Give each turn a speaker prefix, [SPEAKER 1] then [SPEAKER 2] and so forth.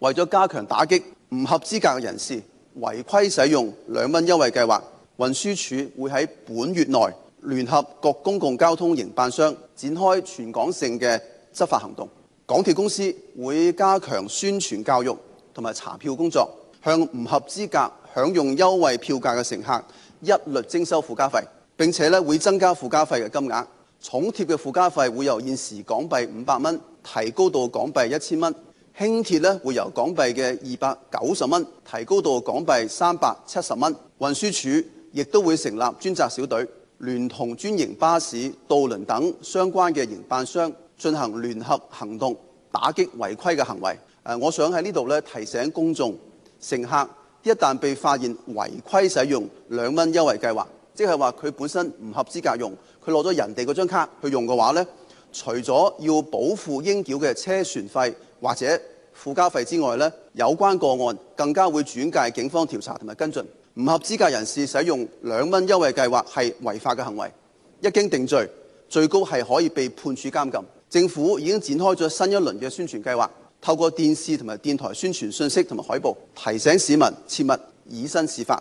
[SPEAKER 1] 為咗加強打擊唔合資格嘅人士違規使用兩蚊優惠計劃，運輸署會喺本月內聯合各公共交通營辦商，展開全港性嘅執法行動。港鐵公司會加強宣傳教育同埋查票工作，向唔合資格享用優惠票價嘅乘客一律徵收附加費，並且呢會增加附加費嘅金額。重鐵嘅附加費會由現時港幣五百蚊提高到港幣一千蚊。輕鐵咧會由港幣嘅二百九十蚊提高到港幣三百七十蚊。運輸署亦都會成立專責小隊，聯同專營巴士、渡輪等相關嘅營辦商進行聯合行動，打擊違規嘅行為。誒，我想喺呢度咧提醒公眾乘客，一旦被發現違規使用兩蚊優惠計劃，即係話佢本身唔合資格用，佢攞咗人哋嗰張卡去用嘅話咧，除咗要補付應繳嘅車船費，或者附加費之外呢，有關個案更加會轉介警方調查同埋跟進。唔合資格人士使用兩蚊優惠計劃係違法嘅行為，一經定罪，最高係可以被判處監禁。政府已經展開咗新一輪嘅宣傳計劃，透過電視同埋電台宣傳信息同埋海報，提醒市民切勿以身試法。